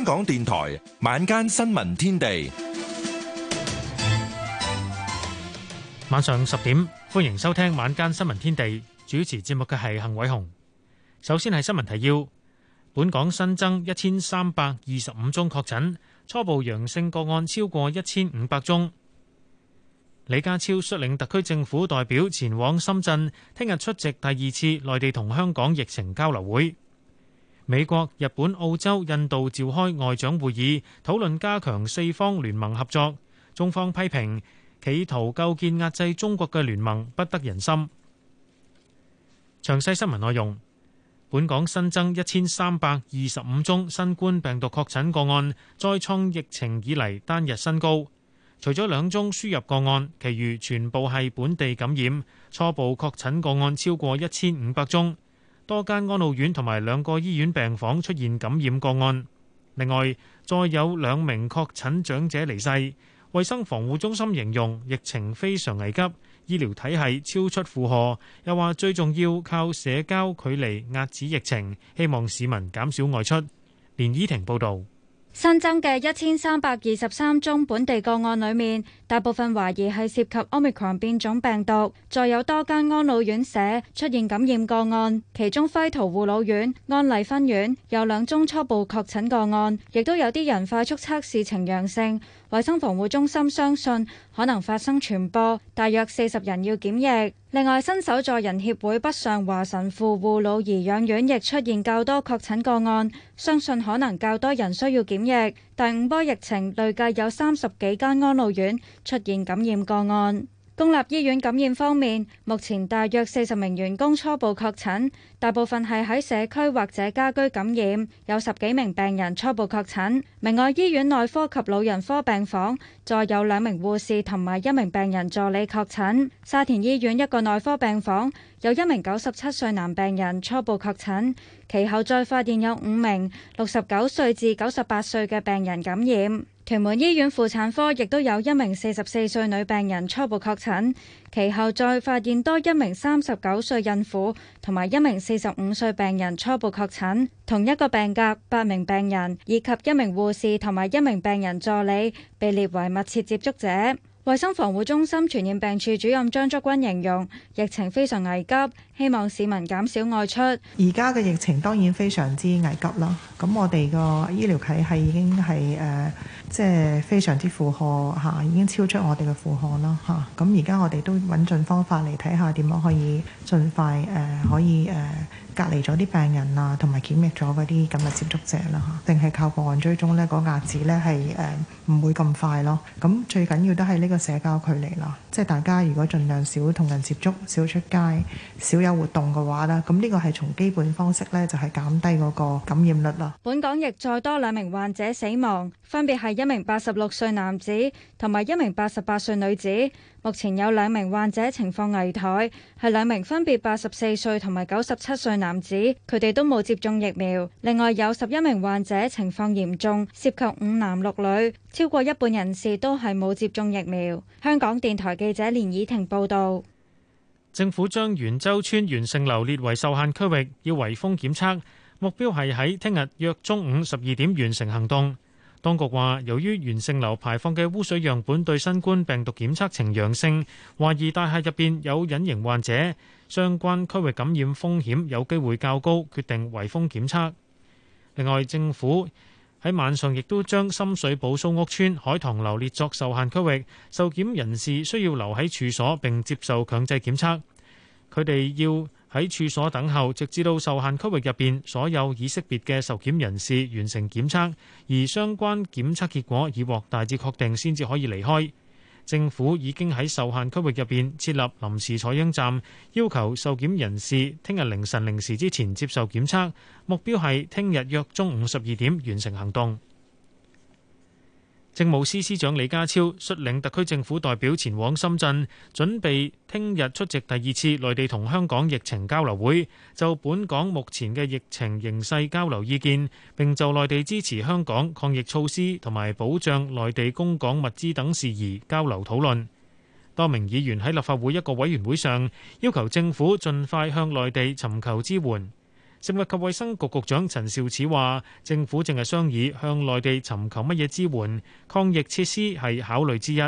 香港電台晚間新聞天地，晚上十點歡迎收聽晚間新聞天地。主持節目嘅係幸偉雄。首先係新聞提要，本港新增一千三百二十五宗確診，初步陽性個案超過一千五百宗。李家超率領特區政府代表前往深圳，聽日出席第二次內地同香港疫情交流會。美國、日本、澳洲、印度召開外長會議，討論加強四方聯盟合作。中方批評，企圖構建壓制中國嘅聯盟不得人心。詳細新聞內容：本港新增一千三百二十五宗新冠病毒確診個案，再創疫情以嚟單日新高。除咗兩宗輸入個案，其餘全部係本地感染，初步確診個案超過一千五百宗。多間安老院同埋兩個醫院病房出現感染個案，另外再有兩名確診長者離世。衛生防護中心形容疫情非常危急，醫療體系超出負荷，又話最重要靠社交距離壓止疫情，希望市民減少外出。連依婷報導。新增嘅一千三百二十三宗本地個案裏面，大部分懷疑係涉及 omicron 變種病毒，再有多間安老院舍出現感染個案，其中輝圖護老院、安麗分院有兩宗初步確診個案，亦都有啲人快速測試呈陽性。衛生防護中心相信可能發生傳播，大約四十人要檢疫。另外，新手助人協會北上華神父護老頤養院亦出現較多確診個案，相信可能較多人需要檢疫。第五波疫情累計有三十幾間安老院出現感染個案。公立醫院感染方面，目前大約四十名員工初步確診，大部分係喺社區或者家居感染，有十幾名病人初步確診。明愛醫院內科及老人科病房再有兩名護士同埋一名病人助理確診。沙田醫院一個內科病房有一名九十七歲男病人初步確診，其後再發現有五名六十九歲至九十八歲嘅病人感染。屯門醫院婦產科亦都有一名四十四歲女病人初步確診，其後再發現多一名三十九歲孕婦同埋一名四十五歲病人初步確診，同一個病格八名病人以及一名護士同埋一名病人助理被列為密切接觸者。衛生防護中心傳染病處主任張竹君形容疫情非常危急，希望市民減少外出。而家嘅疫情當然非常之危急啦。咁我哋個醫療體系已經係誒。Uh, 即係非常之負荷嚇，已經超出我哋嘅負荷啦嚇。咁而家我哋都揾盡方法嚟睇下點樣可以盡快誒可以誒隔離咗啲病人啊，同埋檢疫咗嗰啲咁嘅接觸者啦嚇。定係靠個案追蹤呢嗰個子呢？係誒唔會咁快咯。咁最緊要都係呢個社交距離啦，即係大家如果儘量少同人接觸、少出街、少有活動嘅話咧，咁、這、呢個係從基本方式呢，就係減低嗰個感染率啦。本港亦再多兩名患者死亡，分別係，一名八十六歲男子同埋一名八十八歲女子，目前有兩名患者情況危殆，係兩名分別八十四歲同埋九十七歲男子，佢哋都冇接種疫苗。另外有十一名患者情況嚴重，涉及五男六女，超過一半人士都係冇接種疫苗。香港電台記者連以婷報道。政府將元州邨元盛樓列為受限區域，要圍封檢測，目標係喺聽日約中午十二點完成行動。當局話，由於原盛樓排放嘅污水樣本對新冠病毒檢測呈陽性，懷疑大廈入邊有隱形患者，相關區域感染風險有機會較高，決定圍封檢測。另外，政府喺晚上亦都將深水埗蘇屋村、海棠樓列作受限區域，受檢人士需要留喺處所並接受強制檢測，佢哋要喺處所等候，直至到受限區域入邊所有已識別嘅受檢人士完成檢測，而相關檢測結果已獲大，大致確定，先至可以離開。政府已經喺受限區域入邊設立臨時採樣站，要求受檢人士聽日凌晨零時之前接受檢測，目標係聽日約中午十二點完成行動。政務司司長李家超率領特區政府代表前往深圳，準備聽日出席第二次內地同香港疫情交流會，就本港目前嘅疫情形勢交流意見，並就內地支持香港抗疫措施同埋保障內地供港物資等事宜交流討論。多名議員喺立法會一個委員會上要求政府盡快向內地尋求支援。食物及衛生局局長陳肇始話：政府淨係商議向內地尋求乜嘢支援，抗疫設施係考慮之一。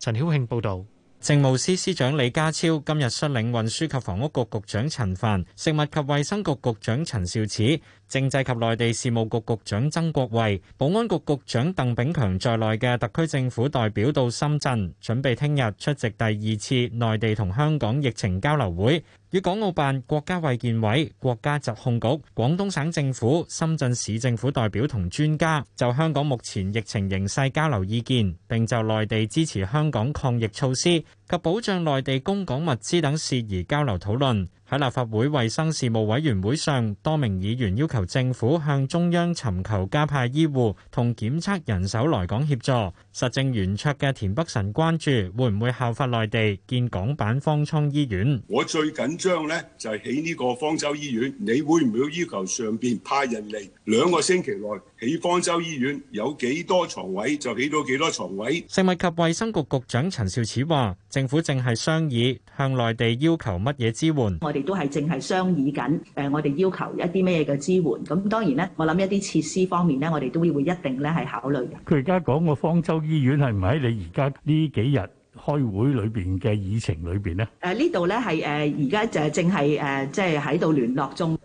陳曉慶報導。政務司司長李家超今日率領運輸及房屋局局長陳帆、食物及衛生局局長陳肇始。政制及內地事務局局長曾國衛、保安局局長鄧炳強在內嘅特區政府代表到深圳，準備聽日出席第二次內地同香港疫情交流會，與港澳辦、國家衛健委、國家疾控局、廣東省政府、深圳市政府代表同專家就香港目前疫情形勢交流意見，並就內地支持香港抗疫措施。及保障內地供港物資等事宜交流討論。喺立法會衛生事務委員會上多名議員要求政府向中央尋求加派醫護同檢測人手來港協助，實政圓桌嘅田北辰關注會唔會效法內地建港版方艙醫院。兩個星期內起方舟醫院有幾多床位，就起到幾多床位。食物及衛生局局長陳肇始話：政府正係商議向內地要求乜嘢支援。我哋都係正係商議緊，誒，我哋要求一啲咩嘢嘅支援。咁當然咧，我諗一啲設施方面咧，我哋都會一定咧係考慮嘅。佢而家講個方舟醫院係唔係喺你而家呢幾日？開會裡邊嘅議程裡邊呢，呢度係而家就正係喺度聯絡中。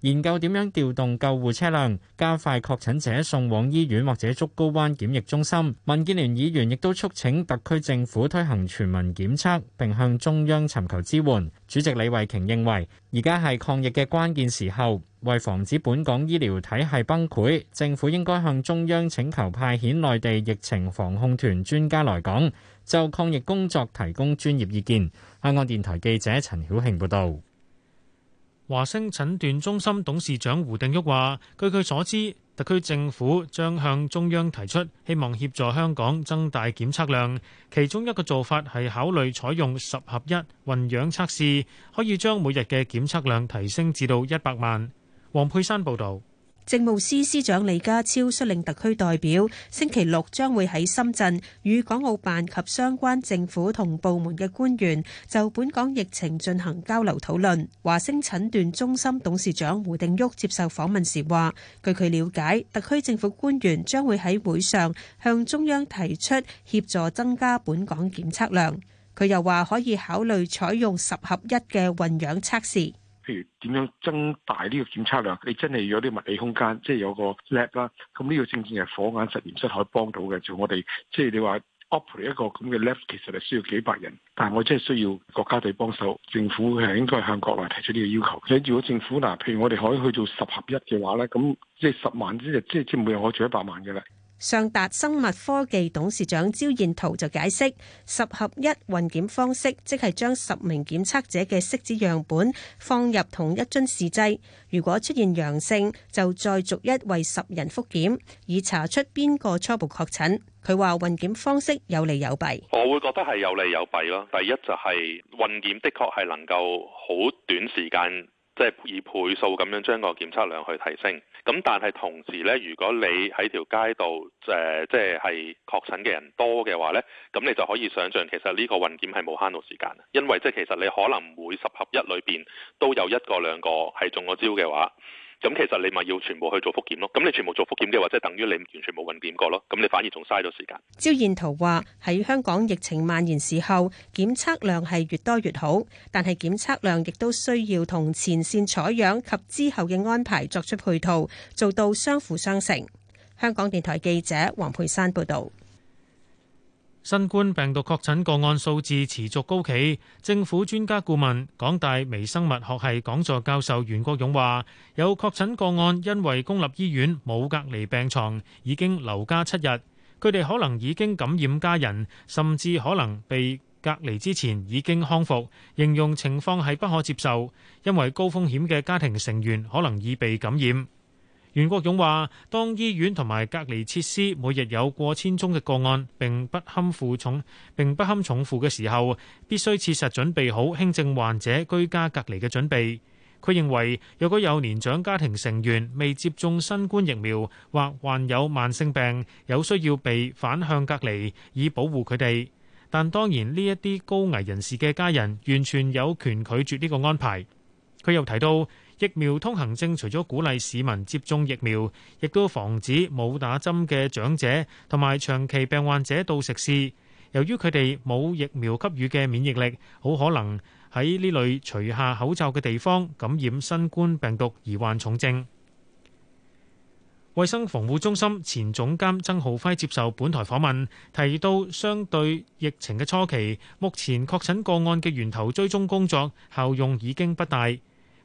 研究點樣調動救護車輛，加快確診者送往醫院或者竹篙灣檢疫中心。民建聯議員亦都促請特區政府推行全民檢測，並向中央尋求支援。主席李慧瓊認為，而家係抗疫嘅關鍵時候，為防止本港醫療體系崩潰，政府應該向中央請求派遣內地疫情防控團專家來港，就抗疫工作提供專業意見。香港電台記者陳曉慶報導。華星診斷中心董事長胡定旭話，據佢所知，特區政府將向中央提出，希望協助香港增大檢測量。其中一個做法係考慮採用十合一混樣測試，可以將每日嘅檢測量提升至到一百萬。黃佩珊報道。政務司司長李家超率領特區代表星期六將會喺深圳與港澳辦及相關政府同部門嘅官員就本港疫情進行交流討論。華星診斷中心董事長胡定旭接受訪問時話，據佢了解，特區政府官員將會喺會上向中央提出協助增加本港檢測量。佢又話可以考慮採用十合一嘅混樣測試。譬如點樣增大呢個檢測量？你真係要啲物理空間，即係有個 lab 啦。咁呢個正正係火眼實驗室可以幫到嘅。就我哋即係你話 operate 一個咁嘅 lab，其實係需要幾百人，但係我真係需要國家隊幫手。政府係應該向國內提出呢個要求。所以如果政府嗱，譬如我哋可以去做十合一嘅話咧，咁即係十萬隻，即係即係每日可以做一百萬嘅啦。尚達生物科技董事長招彥濤就解釋，十合一混檢方式即係將十名檢測者嘅拭子樣本放入同一樽試劑，如果出現陽性，就再逐一為十人複檢，以查出邊個初步確診。佢話混檢方式有利有弊，我會覺得係有利有弊咯。第一就係混檢的確係能夠好短時間。即係以倍數咁樣將個檢測量去提升，咁但係同時呢，如果你喺條街度誒，即係係確診嘅人多嘅話呢，咁你就可以想象其實呢個運檢係冇慳到時間，因為即係其實你可能每十合一裏邊都有一個兩個係中咗招嘅話。咁其實你咪要全部去做復檢咯，咁你全部做復檢嘅話，即係等於你完全冇運檢過咯，咁你反而仲嘥咗時間。焦燕桃話：喺香港疫情蔓延時候，檢測量係越多越好，但係檢測量亦都需要同前線採樣及之後嘅安排作出配套，做到相輔相成。香港電台記者黃佩珊報道。新冠病毒確診個案數字持續高企，政府專家顧問、港大微生物學系講座教授袁國勇話：有確診個案因為公立醫院冇隔離病床，已經留家七日，佢哋可能已經感染家人，甚至可能被隔離之前已經康復。形容情況係不可接受，因為高風險嘅家庭成員可能已被感染。袁國勇話：當醫院同埋隔離設施每日有過千宗嘅個案，並不堪負重，並不堪重負嘅時候，必須切實準備好輕症患者居家隔離嘅準備。佢認為，如果有年長家庭成員未接種新冠疫苗或患有慢性病，有需要被反向隔離以保護佢哋。但當然，呢一啲高危人士嘅家人完全有權拒絕呢個安排。佢又提到。疫苗通行證除咗鼓勵市民接種疫苗，亦都防止冇打針嘅長者同埋長期病患者到食肆。由於佢哋冇疫苗給予嘅免疫力，好可能喺呢類除下口罩嘅地方感染新冠病毒而患重症。衛生防護中心前總監曾浩輝接受本台訪問，提到相對疫情嘅初期，目前確診個案嘅源頭追蹤工作效用已經不大。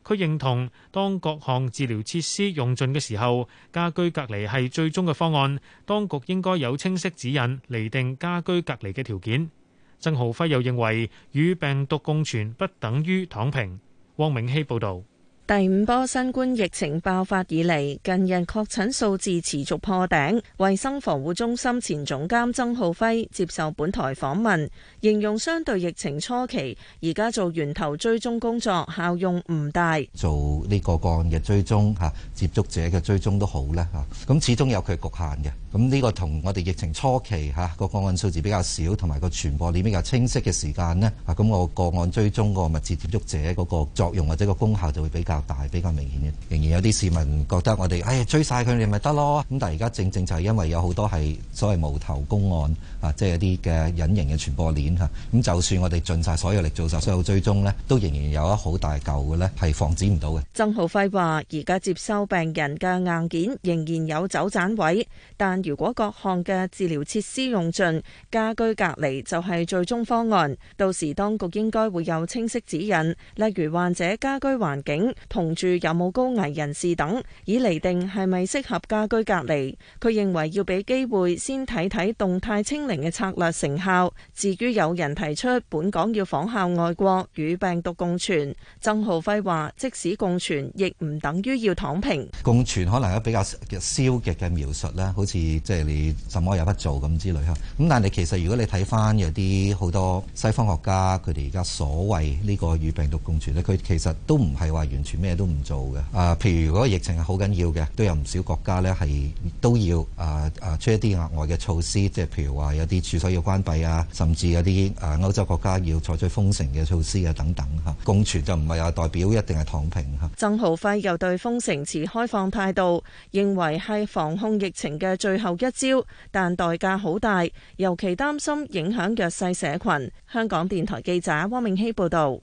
佢認同，當各項治療設施用盡嘅時候，家居隔離係最終嘅方案。當局應該有清晰指引，釐定家居隔離嘅條件。曾浩輝又認為，與病毒共存不等於躺平。汪明希報導。第五波新冠疫情爆發以嚟，近日確診數字持續破頂，衛生防護中心前總監曾浩輝接受本台訪問，形容相對疫情初期，而家做源頭追蹤工作效用唔大。做呢個個案嘅追蹤吓、啊、接觸者嘅追蹤都好咧吓，咁、啊、始終有佢局限嘅。咁、啊、呢、這個同我哋疫情初期吓、啊、個個案數字比較少，同埋個傳播鏈比較清晰嘅時間咧啊，咁、啊、我個，個案追蹤個密切接觸者嗰個作用或者個功效就會比較。較大比較明顯嘅，仍然有啲市民覺得我哋哎追晒佢哋咪得咯。咁但係而家正正就係因為有好多係所謂無頭公案啊，即係一啲嘅隱形嘅傳播鏈嚇。咁、啊嗯、就算我哋盡晒所有力做晒所有追蹤呢都仍然有一好大嚿嘅呢係防止唔到嘅。曾浩輝話：而家接收病人嘅硬件仍然有走盞位，但如果各項嘅治療設施用盡，家居隔離就係最終方案。到時當局應該會有清晰指引，例如患者家居環境。同住有冇高危人士等，以厘定係咪適合家居隔離，佢認為要俾機會先睇睇動態清零嘅策略成效。至於有人提出本港要仿效外國與病毒共存，曾浩輝話即使共存，亦唔等於要躺平。共存可能係比較消極嘅描述啦，好似即係你什麼也不做咁之類吓，咁但係其實如果你睇翻有啲好多西方學家佢哋而家所謂呢個與病毒共存咧，佢其實都唔係話完全。咩都唔做嘅啊！譬如如果疫情係好緊要嘅，都有唔少國家咧係都要啊啊出一啲額外嘅措施，即係譬如話有啲處所要關閉啊，甚至有啲啊歐洲國家要採取封城嘅措施啊等等吓，共存就唔係啊，代表一定係躺平吓。曾浩輝又對封城持開放態度，認為係防控疫情嘅最後一招，但代價好大，尤其擔心影響弱勢社群。香港電台記者汪明熙報道。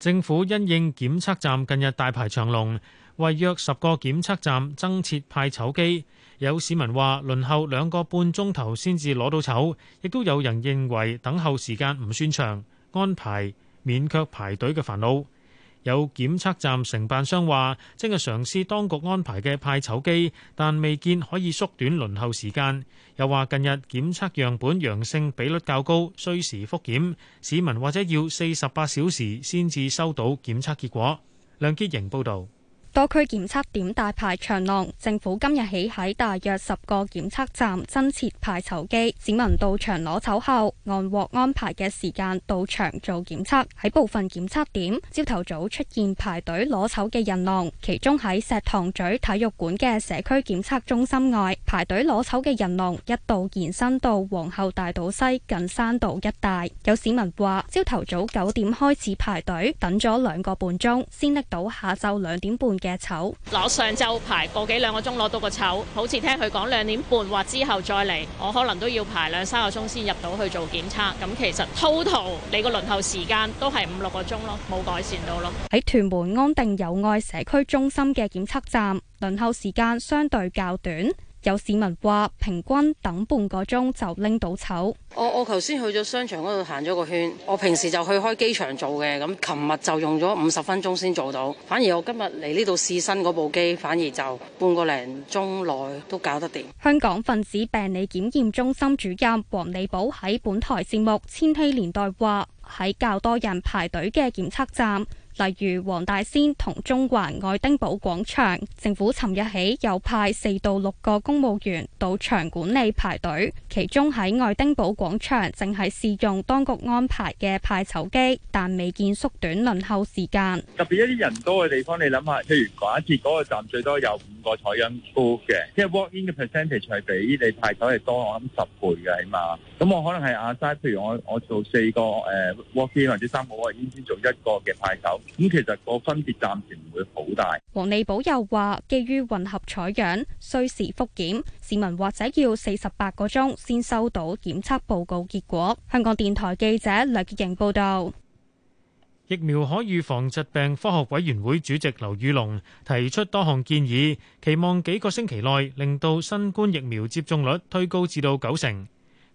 政府因應檢測站近日大排長龍，為約十個檢測站增設派籌機。有市民話：輪候兩個半鐘頭先至攞到籌，亦都有人認為等候時間唔算長，安排免卻排隊嘅煩惱。有檢測站承辦商話，正係嘗試當局安排嘅派籌機，但未見可以縮短輪候時間。又話近日檢測樣本陽性比率較高，需時覆檢，市民或者要四十八小時先至收到檢測結果。梁潔瑩報道。多區檢測點大排長龍，政府今日起喺大約十個檢測站增設排籌機。市民到場攞籌後，按獲安排嘅時間到場做檢測。喺部分檢測點，朝頭早出現排隊攞籌嘅人龍，其中喺石塘咀體育館嘅社區檢測中心外，排隊攞籌嘅人龍一度延伸到皇后大道西近山道一帶。有市民話，朝頭早九點開始排隊，等咗兩個半鐘，先拎到下晝兩點半嘅丑攞上晝排個幾兩個鐘攞到個丑，好似聽佢講兩點半或之後再嚟，我可能都要排兩三個鐘先入到去做檢測。咁其實 total 你個輪候時間都係五六個鐘咯，冇改善到咯。喺屯門安定友愛社區中心嘅檢測站，輪候時間相對較短。有市民話平均等半個鐘就拎到籌。我我頭先去咗商場嗰度行咗個圈。我平時就去開機場做嘅，咁琴日就用咗五十分鐘先做到。反而我今日嚟呢度試新嗰部機，反而就半個零鐘內都搞得掂。香港分子病理檢驗中心主任黃利寶喺本台節目千禧年代話：喺較多人排隊嘅檢測站。例如黃大仙同中環愛丁堡廣場，政府尋日起又派四到六個公務員到場管理排隊，其中喺愛丁堡廣場淨係試用當局安排嘅派籌機，但未見縮短輪候時間。特別一啲人多嘅地方，你諗下，譬如港鐵嗰個站最多有五，個採樣粗嘅，即係 working 嘅 percentage 係比你派手係多，我諗十倍嘅起碼。咁我可能係阿齋，譬如我我做四個誒 working，或者三個 working 先做一個嘅派手。咁其實個分別暫時唔會好大。黃利寶又話，基於混合採樣，需時覆檢，市民或者要四十八個鐘先收到檢測報告結果。香港電台記者梁潔瑩報道。疫苗可預防疾病科學委員會主席劉宇龍提出多項建議，期望幾個星期內令到新冠疫苗接種率推高至到九成。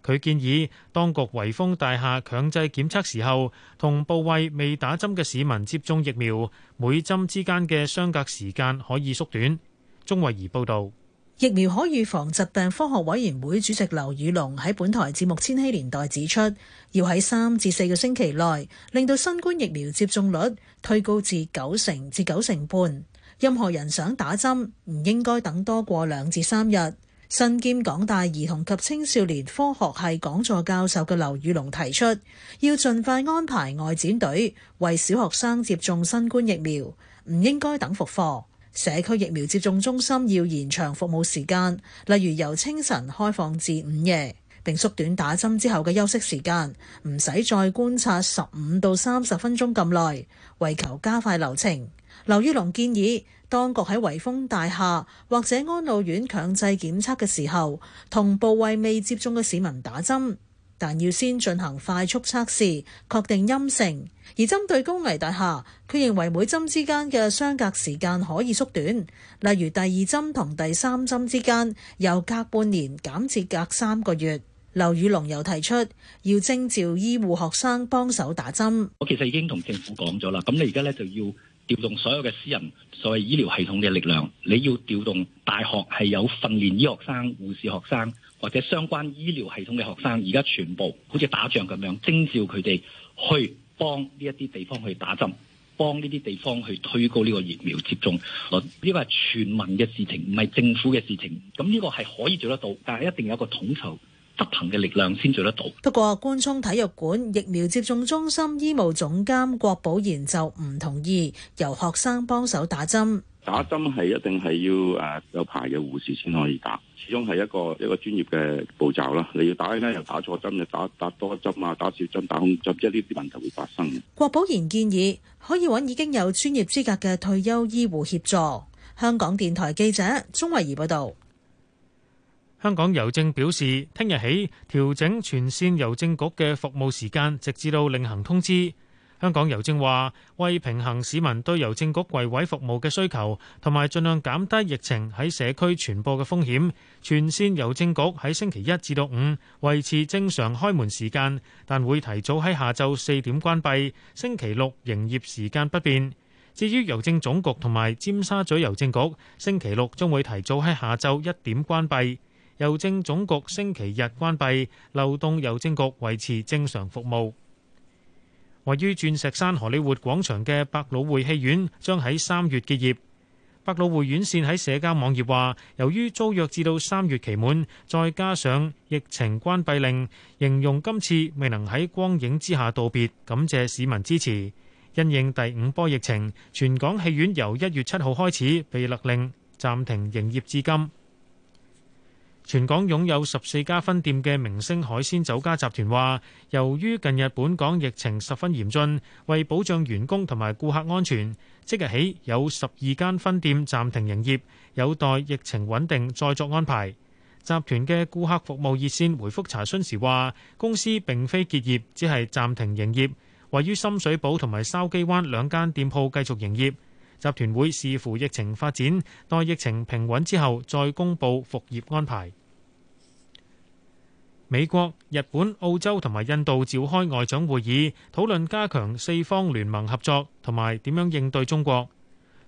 佢建議當局圍封大廈強制檢測時候，同步為未打針嘅市民接種疫苗，每針之間嘅相隔時間可以縮短。鍾慧儀報導。疫苗可預防疾病，科學委員會主席劉宇龍喺本台節目《千禧年代》指出，要喺三至四個星期內，令到新冠疫苗接種率推高至九成至九成半。任何人想打針，唔應該等多過兩至三日。身兼港大兒童及青少年科學系講座教授嘅劉宇龍提出，要盡快安排外展隊，為小學生接種新冠疫苗，唔應該等復課。社區疫苗接種中心要延長服務時間，例如由清晨開放至午夜，並縮短打針之後嘅休息時間，唔使再觀察十五到三十分鐘咁耐，為求加快流程。劉宇龍建議當局喺維峰大廈或者安老院強制檢測嘅時候，同步為未接種嘅市民打針。但要先進行快速測試，確定陰性。而針對高危大廈，佢認為每針之間嘅相隔時間可以縮短，例如第二針同第三針之間由隔半年減至隔三個月。劉宇龍又提出要徵召醫護學生幫手打針，我其實已經同政府講咗啦，咁你而家咧就要調動所有嘅私人所謂醫療系統嘅力量，你要調動大學係有訓練醫學生、護士學生。或者相關醫療系統嘅學生，而家全部好似打仗咁樣徵召佢哋去幫呢一啲地方去打針，幫呢啲地方去推高呢個疫苗接種。呢個係全民嘅事情，唔係政府嘅事情。咁呢個係可以做得到，但係一定有一個統籌執行嘅力量先做得到。不過，官涌體育館疫苗接種中心醫務總監郭寶賢就唔同意由學生幫手打針。打針係一定係要誒，有牌嘅護士先可以打，始終係一個一個專業嘅步驟啦。你要打呢，又打錯針，又打打多針啊，打少針，打空針，即係呢啲問題會發生。郭保賢建議可以揾已經有專業資格嘅退休醫護協助。香港電台記者鍾慧儀報導。香港郵政表示，聽日起調整全線郵政局嘅服務時間，直至到另行通知。香港郵政話，為平衡市民對郵政局櫃位服務嘅需求，同埋盡量減低疫情喺社區傳播嘅風險，全線郵政局喺星期一至到五維持正常開門時間，但會提早喺下晝四點關閉。星期六營業時間不變。至於郵政總局同埋尖沙咀郵政局，星期六將會提早喺下晝一點關閉。郵政總局星期日關閉，流動郵政局維持正常服務。位於鑽石山荷里活廣場嘅百老匯戲院將喺三月結業。百老匯院線喺社交網頁話，由於租約至到三月期滿，再加上疫情關閉令，形容今次未能喺光影之下道別，感謝市民支持。因應第五波疫情，全港戲院由一月七號開始被勒令暫停營業至今。全港擁有十四家分店嘅明星海鮮酒家集團話，由於近日本港疫情十分嚴峻，為保障員工同埋顧客安全，即日起有十二間分店暫停營業，有待疫情穩定再作安排。集團嘅顧客服務熱線回覆查詢時話，公司並非結業，只係暫停營業，位於深水埗同埋筲箕灣兩間店鋪繼續營業。集團會視乎疫情發展，待疫情平穩之後再公布復業安排。美國、日本、澳洲同埋印度召開外長會議，討論加強四方聯盟合作同埋點樣應對中國。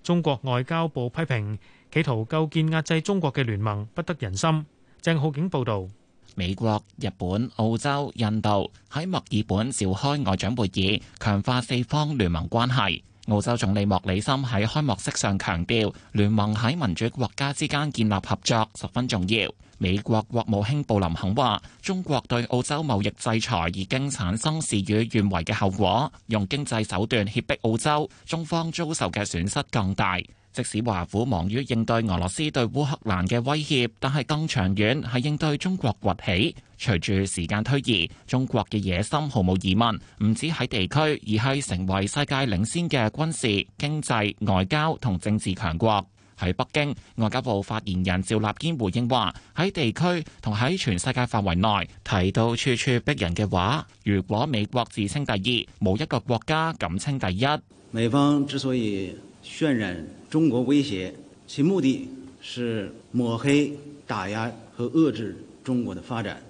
中國外交部批評，企圖構建壓制中國嘅聯盟不得人心。鄭浩景報導：美國、日本、澳洲、印度喺墨爾本召開外長會議，強化四方聯盟關係。澳洲總理莫里森喺開幕式上強調，聯盟喺民主國家之間建立合作十分重要。美國國務卿布林肯話，中國對澳洲貿易制裁已經產生事與願違嘅後果，用經濟手段脅迫澳洲，中方遭受嘅損失更大。即使華府忙於應對俄羅斯對烏克蘭嘅威脅，但係更長遠係應對中國崛起。隨住時間推移，中國嘅野心毫無疑問，唔止喺地區，而係成為世界領先嘅軍事、經濟、外交同政治強國。喺北京，外交部發言人趙立堅回應話：喺地區同喺全世界範圍內，提到處處逼人嘅話，如果美國自稱第二，冇一個國家敢稱第一。美方之所以渲染中國威脅，其目的是抹黑、打壓和遏制中國的發展，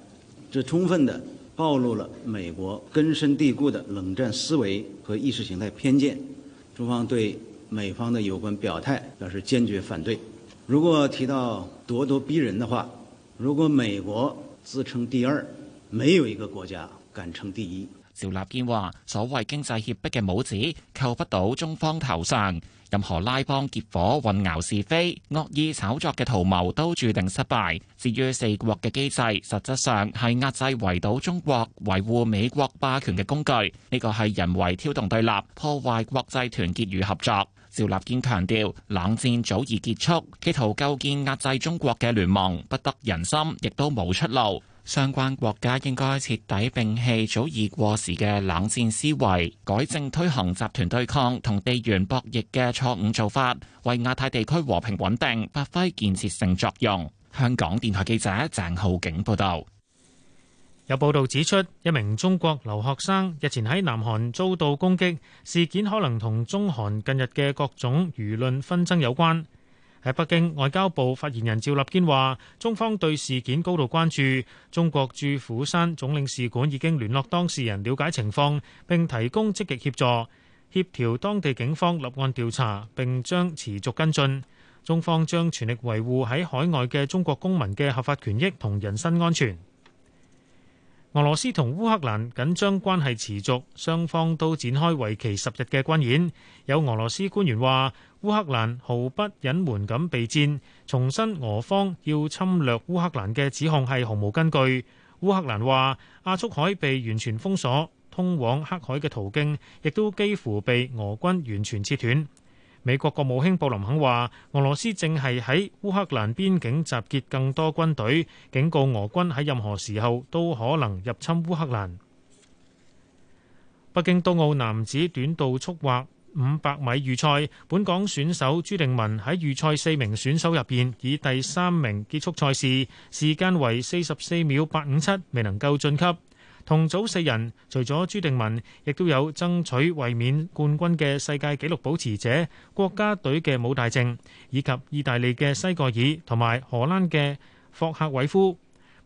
這充分地暴露了美國根深蒂固的冷戰思維和意識形態偏見。中方對美方的有關表態表示堅決反對。如果提到咄咄逼人的話，如果美國自稱第二，沒有一個國家敢稱第一。趙立堅話：所謂經濟脅迫嘅帽子扣不到中方頭上。任何拉幫結夥、混淆是非、惡意炒作嘅圖謀都注定失敗，至於四國嘅機制，實質上係壓制、圍堵中國、維護美國霸權嘅工具，呢、這個係人為挑動對立、破壞國際團結與合作。趙立堅強調，冷戰早已結束，企圖構建壓制中國嘅聯盟，不得人心，亦都冇出路。相關國家應該徹底摒棄早已過時嘅冷戰思維，改正推行集團對抗同地緣博弈嘅錯誤做法，為亞太地區和平穩定發揮建設性作用。香港電台記者鄭浩景報道。有報道指出，一名中國留學生日前喺南韓遭到攻擊，事件可能同中韓近日嘅各種輿論紛爭有關。喺北京，外交部發言人趙立堅話，中方對事件高度關注，中國駐釜山總領事館已經聯絡當事人了解情況，並提供積極協助，協調當地警方立案調查，並將持續跟進，中方將全力維護喺海外嘅中國公民嘅合法權益同人身安全。俄羅斯同烏克蘭緊張關係持續，雙方都展開為期十日嘅軍演。有俄羅斯官員話。烏克蘭毫不隱瞞咁備戰，重申俄方要侵略烏克蘭嘅指控係毫無根據。烏克蘭話亞速海被完全封鎖，通往黑海嘅途徑亦都幾乎被俄軍完全切斷。美國國務卿布林肯話：俄羅斯正係喺烏克蘭邊境集結更多軍隊，警告俄軍喺任何時候都可能入侵烏克蘭。北京冬奧男子短道速滑。五百米預賽，本港選手朱定文喺預賽四名選手入邊，以第三名結束賽事，時間為四十四秒八五七，未能夠晉級。同組四人，除咗朱定文，亦都有爭取衛冕冠軍嘅世界紀錄保持者、國家隊嘅武大靖，以及意大利嘅西蓋爾同埋荷蘭嘅霍克維夫。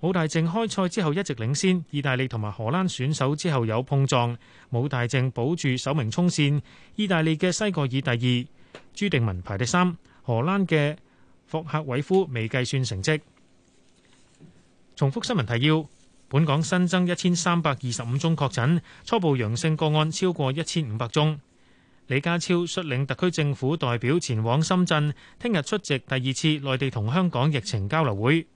武大靖開賽之後一直領先，意大利同埋荷蘭選手之後有碰撞，武大靖保住首名衝線。意大利嘅西蓋爾第二，朱定文排第三，荷蘭嘅霍克韋夫未計算成績。重複新聞提要：本港新增一千三百二十五宗確診，初步陽性個案超過一千五百宗。李家超率領特區政府代表前往深圳，聽日出席第二次內地同香港疫情交流會。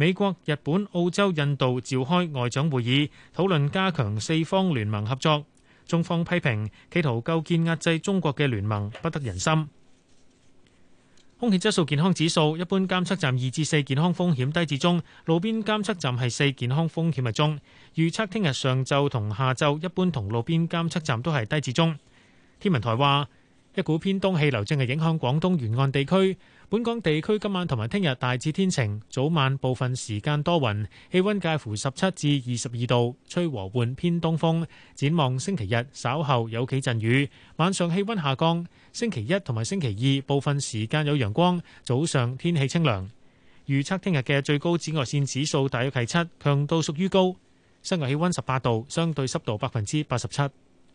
美國、日本、澳洲、印度召開外長會議，討論加強四方聯盟合作。中方批評，企圖構建壓制中國嘅聯盟不得人心。空氣質素健康指數一般監測站二至四健康風險低至中，路邊監測站係四健康風險係中。預測聽日上晝同下晝一般同路邊監測站都係低至中。天文台話。一股偏東氣流正係影響廣東沿岸地區，本港地區今晚同埋聽日大致天晴，早晚部分時間多雲，氣温介乎十七至二十二度，吹和緩偏東風。展望星期日稍後有幾陣雨，晚上氣温下降。星期一同埋星期二部分時間有陽光，早上天氣清涼。預測聽日嘅最高紫外線指數大約係七，強度屬於高。室外氣溫十八度，相對濕度百分之八十七。香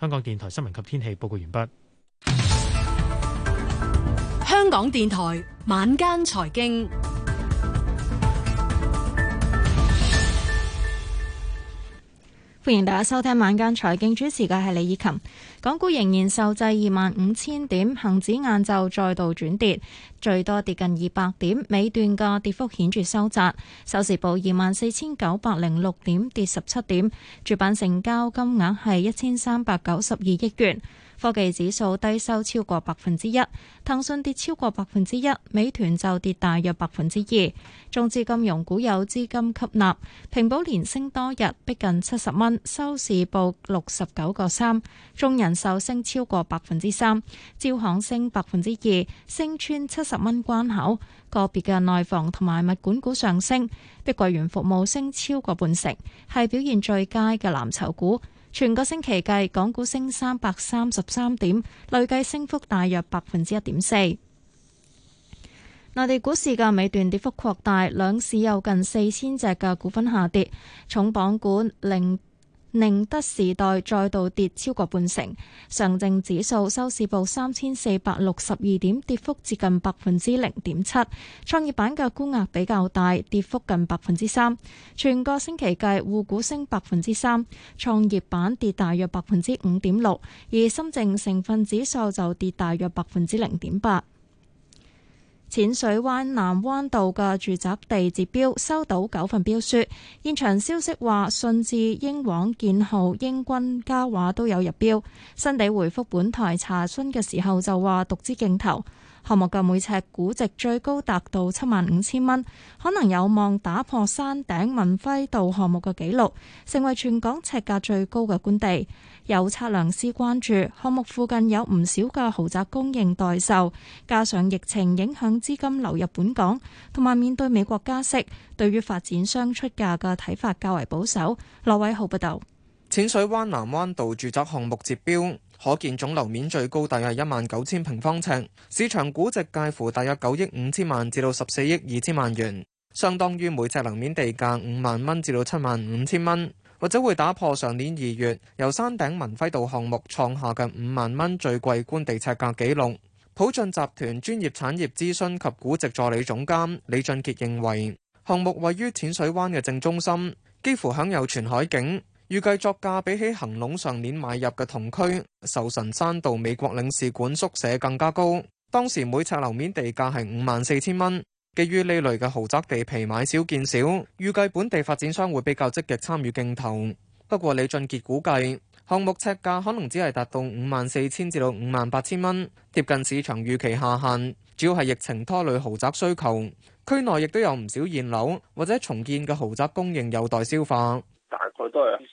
港電台新聞及天氣報告完畢。香港電台晚間財經，歡迎大家收聽晚間財經，主持嘅係李以琴。港股仍然受制二萬五千點，恒指晏晝再度轉跌，最多跌近二百點，尾段嘅跌幅顯著收窄，收市報二萬四千九百零六點，跌十七點，主板成交金額係一千三百九十二億元。科技指數低收超過百分之一，騰訊跌超過百分之一，美團就跌大約百分之二。中資金融股有資金吸納，平保連升多日，逼近七十蚊，收市報六十九個三。中人壽升超過百分之三，招行升百分之二，升穿七十蚊關口。個別嘅內房同埋物管股上升，碧桂園服務升超過半成，係表現最佳嘅藍籌股。全個星期計，港股升三百三十三點，累計升幅大約百分之一點四。內地股市嘅尾段跌幅擴大，兩市有近四千隻嘅股份下跌，重磅股令寧德時代再度跌超過半成，上證指數收市報三千四百六十二點，跌幅接近百分之零點七。創業板嘅沽額比較大，跌幅近百分之三。全個星期計，滬股升百分之三，創業板跌大約百分之五點六，而深證成分指數就跌大約百分之零點八。淺水灣南灣道嘅住宅地截標，收到九份標書。現場消息話，信置、英皇、建浩、英軍嘉華都有入標。新地回覆本台查詢嘅時候就話獨資競投。項目嘅每尺估值最高達到七萬五千蚊，可能有望打破山頂文輝道項目嘅紀錄，成為全港尺價最高嘅官地。有測量師關注，項目附近有唔少嘅豪宅供應待售，加上疫情影響資金流入本港，同埋面對美國加息，對於發展商出價嘅睇法較為保守。羅偉浩報導。淺水灣南灣道住宅項目接標。可建總樓面最高大約一萬九千平方尺，市場估值介乎大約九億五千萬至到十四億二千萬元，相當於每尺樓面地價五萬蚊至到七萬五千蚊，或者會打破上年二月由山頂文輝道項目創下嘅五萬蚊最貴官地尺價紀錄。普進集團專業產業諮詢及估值助理總監李俊傑認為，項目位於淺水灣嘅正中心，幾乎享有全海景。預計作價比起恆隆上年買入嘅同區壽臣山道美國領事館宿舍更加高，當時每尺樓面地價係五萬四千蚊。基於呢類嘅豪宅地皮買少見少，預計本地發展商會比較積極參與競投。不過李俊杰估計，項目尺價可能只係達到五萬四千至到五萬八千蚊，貼近市場預期下限。主要係疫情拖累豪宅需求，區內亦都有唔少現樓或者重建嘅豪宅供應有待消化。大概都係。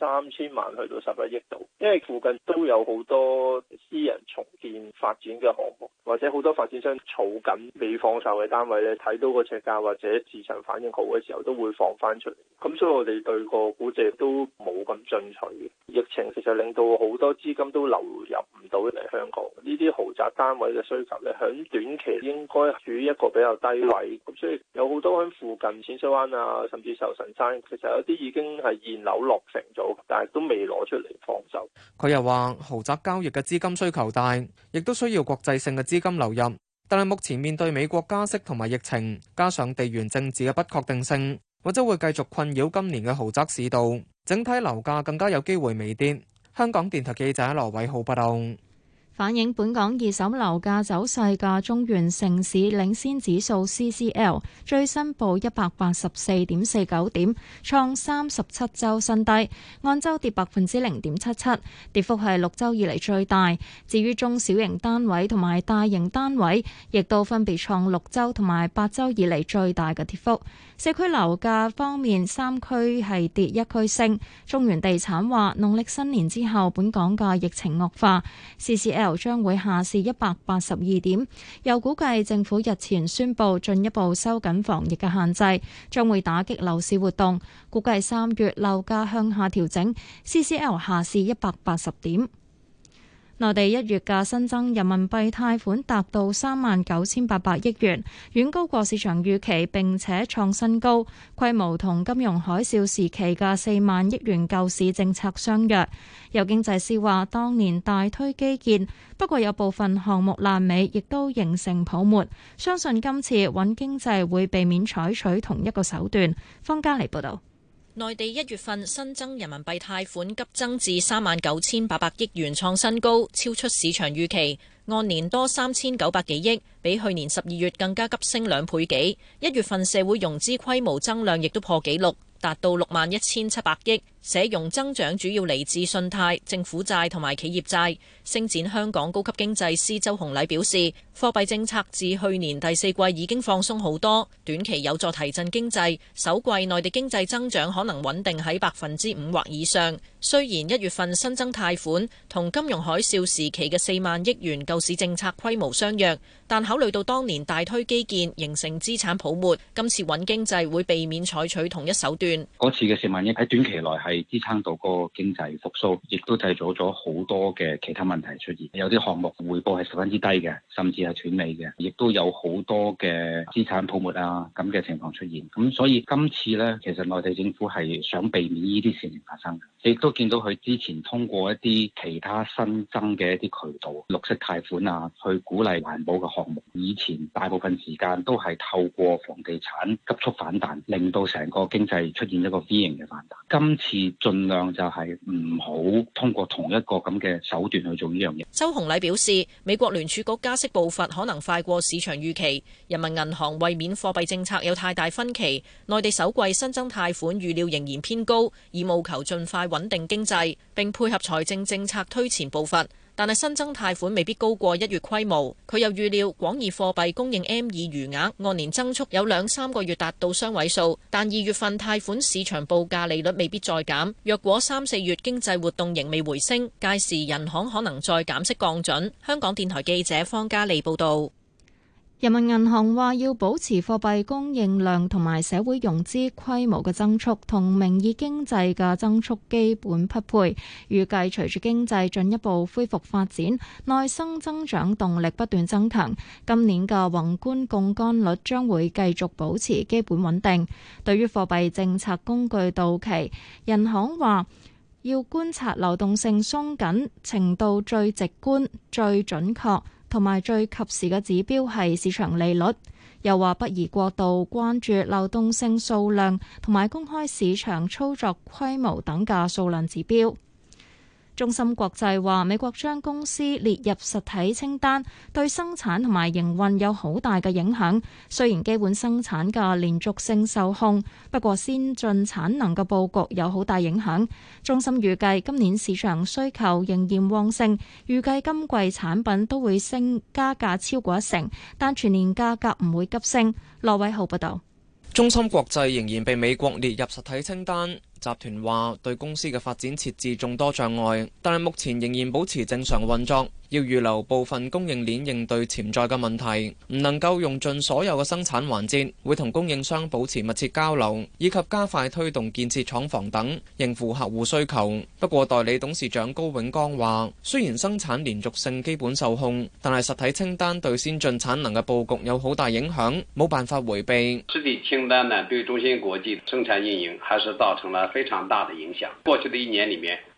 三千萬去到十一億度。因為附近都有好多私人重建發展嘅項目，或者好多發展商儲緊未放售嘅單位咧，睇到個尺價或者市場反應好嘅時候，都會放翻出嚟。咁所以我哋對個估值都冇咁進取嘅。疫情其實令到好多資金都流入唔到嚟香港，呢啲豪宅單位嘅需求咧，喺短期應該處於一個比較低位。咁所以有好多喺附近淺水灣啊，甚至壽臣山，其實有啲已經係現樓落成咗，但係都未攞出嚟放售。佢又話，豪宅交易嘅資金需求大，亦都需要國際性嘅資金流入。但係目前面對美國加息同埋疫情，加上地緣政治嘅不確定性，或者會繼續困擾今年嘅豪宅市道，整體樓價更加有機會微跌。香港電台記者羅偉浩報道。反映本港二手樓價走勢嘅中原城市領先指數 CCL 最新報一百八十四點四九點，創三十七周新低，按周跌百分之零點七七，跌幅係六周以嚟最大。至於中小型單位同埋大型單位，亦都分別創六周同埋八周以嚟最大嘅跌幅。四區樓價方面，三區係跌一區升。中原地產話，農曆新年之後本港嘅疫情惡化，CCL。CC 將會下市一百八十二點，又估計政府日前宣布進一步收緊防疫嘅限制，將會打擊樓市活動，估計三月樓價向下調整。CCL 下市一百八十點。內地一月嘅新增人民幣貸款達到三萬九千八百億元，遠高過市場預期並且創新高，規模同金融海嘯時期嘅四萬億元救市政策相若。有經濟師話：當年大推基建，不過有部分項目爛尾，亦都形成泡沫。相信今次揾經濟會避免採取同一個手段。方嘉莉報導。內地一月份新增人民幣貸款急增至三萬九千八百億元，創新高，超出市場預期，按年多三千九百幾億，比去年十二月更加急升兩倍幾。一月份社會融資規模增量亦都破紀錄，達到六萬一千七百億。社融增長主要嚟自信貸、政府債同埋企業債。星展香港高級經濟師周紅禮表示，貨幣政策自去年第四季已經放鬆好多，短期有助提振經濟。首季內地經濟增長可能穩定喺百分之五或以上。雖然一月份新增貸款同金融海嘯時期嘅四萬億元救市政策規模相若，但考慮到當年大推基建形成資產泡沫，今次穩經濟會避免採取同一手段。嗰次嘅四萬億喺短期內係支撐到個經濟復甦，亦都製造咗好多嘅其他問題出現，有啲項目回報係十分之低嘅，甚至係斷尾嘅，亦都有好多嘅資產泡沫啊，咁嘅情況出現。咁所以今次呢，其實內地政府係想避免呢啲事情發生。你亦都見到佢之前通過一啲其他新增嘅一啲渠道，綠色貸款啊，去鼓勵環保嘅項目。以前大部分時間都係透過房地產急速反彈，令到成個經濟出現一個 V 型嘅反彈。今次。盡量就係唔好通過同一個咁嘅手段去做呢樣嘢。周宏禮表示，美國聯儲局加息步伐可能快過市場預期，人民銀行為免貨幣政策有太大分歧，內地首季新增貸款預料仍然偏高，而務求盡快穩定經濟，並配合財政政策推前步伐。但係新增貸款未必高過一月規模，佢又預料廣義貨幣供應 M2 餘額按年增速有兩三個月達到雙位數，但二月份貸款市場報價利率未必再減。若果三四月經濟活動仍未回升，屆時人行可能再減息降準。香港電台記者方嘉利報道。人民銀行話要保持貨幣供應量同埋社會融資規模嘅增速同名義經濟嘅增速基本匹配。預計隨住經濟進一步恢復發展，內生增長動力不斷增強，今年嘅宏觀槓桿率將會繼續保持基本穩定。對於貨幣政策工具到期，人行話要觀察流動性鬆緊程度最直觀、最準確，同埋最及時嘅指標係市場利率，又話不宜過度關注流動性數量同埋公開市場操作規模等價數量指標。中芯國際話，美國將公司列入實體清單，對生產同埋營運有好大嘅影響。雖然基本生產嘅連續性受控，不過先進產能嘅布局有好大影響。中芯預計今年市場需求仍然旺盛，預計今季產品都會升加價超過一成，但全年價格唔會急升。羅偉浩報道。中芯國際仍然被美國列入實體清單。集團話對公司嘅發展設置眾多障礙，但係目前仍然保持正常運作。要預留部分供應鏈應對潛在嘅問題，唔能夠用盡所有嘅生產環節，會同供應商保持密切交流，以及加快推動建設廠房等應付客戶需求。不過代理董事長高永崗話，雖然生產連續性基本受控，但係實體清單對先進產能嘅佈局有好大影響，冇辦法回避。實體清單呢對中芯國際生產運營還是造成了非常大的影響，過去的一年裏面。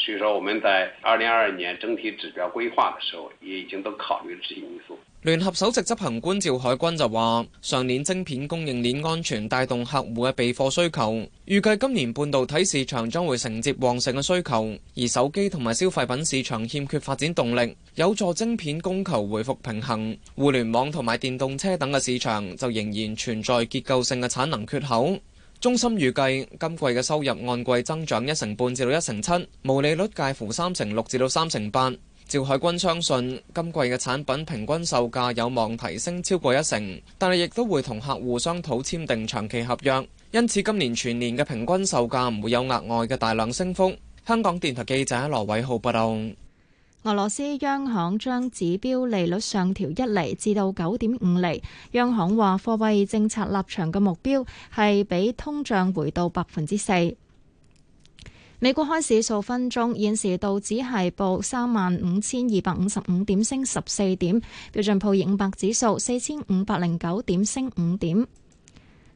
所以說我們在二零二二年整體指標規劃嘅時候，已經都考慮咗呢啲因素。聯合首席執行官趙海軍就話：上年晶片供應鏈安全帶動客戶嘅備貨需求，預計今年半導體市場將會承接旺盛嘅需求。而手機同埋消費品市場欠缺發展動力，有助晶片供求回復平衡。互聯網同埋電動車等嘅市場就仍然存在結構性嘅產能缺口。中心預計今季嘅收入按季增長一成半至到一成七，1, 7, 毛利率介乎三成六至到三成八。趙海軍相信今季嘅產品平均售價有望提升超過一成，但係亦都會同客戶商討簽訂長期合約，因此今年全年嘅平均售價唔會有額外嘅大量升幅。香港電台記者羅偉浩報道。俄羅斯央行將指標利率上調一厘至到九點五厘。央行話，貨幣政策立場嘅目標係俾通脹回到百分之四。美國開市數分鐘，現時道指係報三萬五千二百五十五點，升十四點。標準普爾五百指數四千五百零九點，升五點。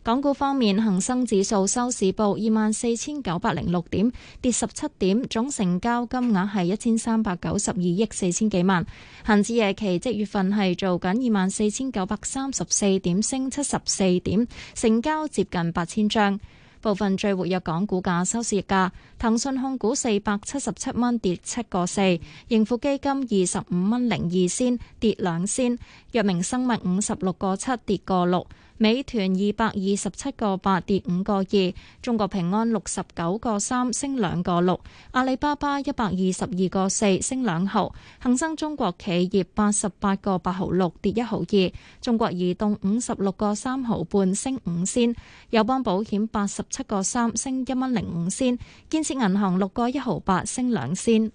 港股方面，恒生指數收市報二萬四千九百零六點，跌十七點，總成交金額係一千三百九十二億四千幾萬。恒指夜期即月份係做緊二萬四千九百三十四點，升七十四點，成交接近八千張。部分最活躍港股價收市價，騰訊控股四百七十七蚊，跌七個四；盈富基金二十五蚊零二仙，跌兩仙；藥明生物五十六個七，跌過六。美團二百二十七個八，跌五個二，中國平安六十九個三，升兩個六，阿里巴巴一百二十二個四，升兩毫，恒生中國企業八十八個八毫六，跌一毫二，中國移動五十六個三毫半，升五仙，友邦保險八十七個三，升一蚊零五仙，建設銀行六個一毫八，升兩仙。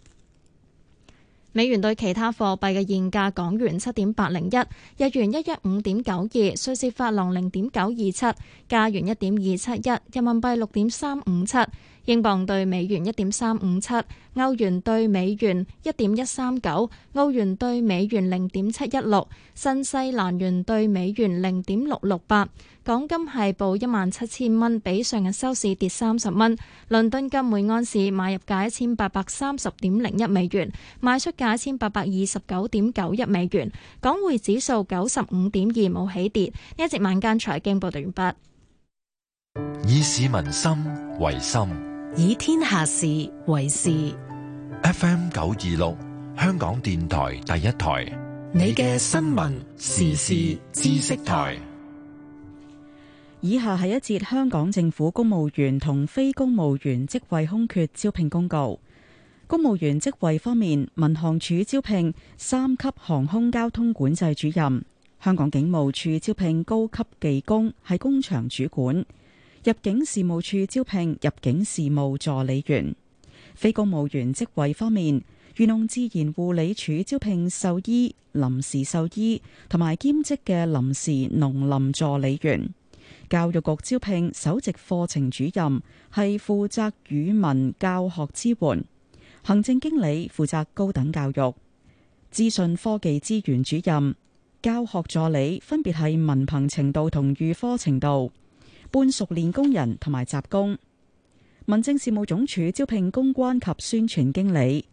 美元兌其他貨幣嘅現價：港元七點八零一，日元一一五點九二，瑞士法郎零點九二七，加元一點二七一，人民幣六點三五七，英鎊對美元一點三五七，歐元對美元一點一三九，歐元對美元零點七一六，新西蘭元對美元零點六六八。港金係報一萬七千蚊，比上日收市跌三十蚊。倫敦金每安士買入價一千八百三十點零一美元，賣出價一千八百二十九點九一美元。港匯指數九十五點二冇起跌。一直晚間財經報道完畢。以市民心為心，以天下事為事。F M 九二六，香港電台第一台，你嘅新聞時事知識台。以下係一節香港政府公務員同非公務員職位空缺招聘公告。公務員職位方面，民航處招聘三級航空交通管制主任；香港警務處招聘高級技工係工場主管；入境事務處招聘入境事務助理員。非公務員職位方面，漁農自然護理署招聘獸醫、臨時獸醫同埋兼職嘅臨時農林助理員。教育局招聘首席課程主任，係負責語文教學支援；行政經理負責高等教育資訊科技資源主任；教學助理分別係文憑程度同預科程度；半熟練工人同埋雜工。民政事務總署招聘公關及宣傳經理。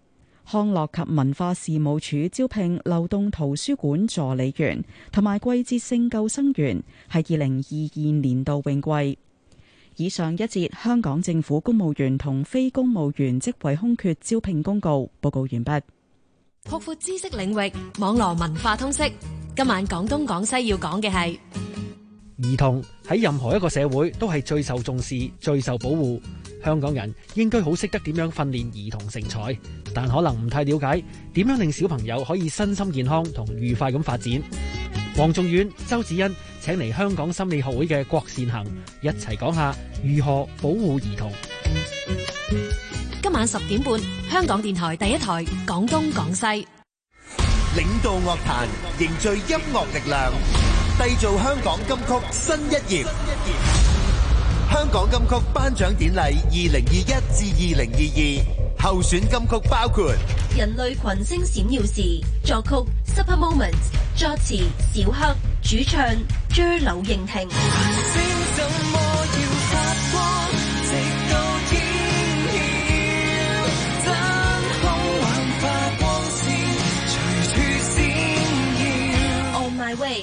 康樂及文化事務署招聘流動圖書館助理員同埋季節性救生員，係二零二二年度泳季。以上一節香港政府公務員同非公務員職位空缺招聘公告，報告完畢。擴闊知識領域，網絡文化通識。今晚講東講西要講嘅係。兒童喺任何一個社會都係最受重視、最受保護。香港人應該好識得點樣訓練兒童成才，但可能唔太了解點樣令小朋友可以身心健康同愉快咁發展。黃仲遠、周子恩請嚟香港心理學會嘅郭善行一齊講下如何保護兒童。今晚十點半，香港電台第一台，廣東廣西，領導樂壇，凝聚音樂力量。締造香港金曲新一頁。香港金曲頒獎典禮2021至2022候選金曲包括。人類群星閃耀時，作曲 Super Moment，作詞小黑，主唱 Jer 柳應廷。Oh my way.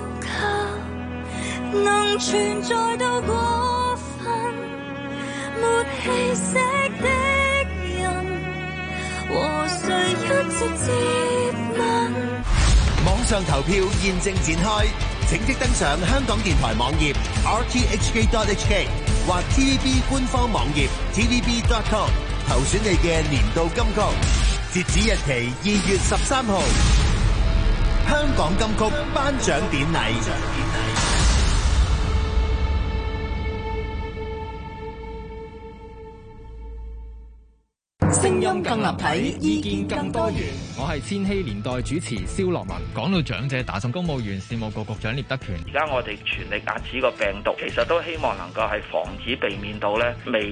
能存在到過分、沒氣息的人，和誰一直接吻？網上投票現正展開，請即登上香港電台網頁 rthk.hk 或 TVB 官方網頁 tvb.com 投選你嘅年度金曲，截止日期二月十三號。香港金曲頒獎典禮。聲音更立體，意見更多元。我係千禧年代主持蕭樂文。講到長者打針，公務員事務局局長聶德權。而家我哋全力遏止個病毒，其實都希望能夠係防止、避免到咧未。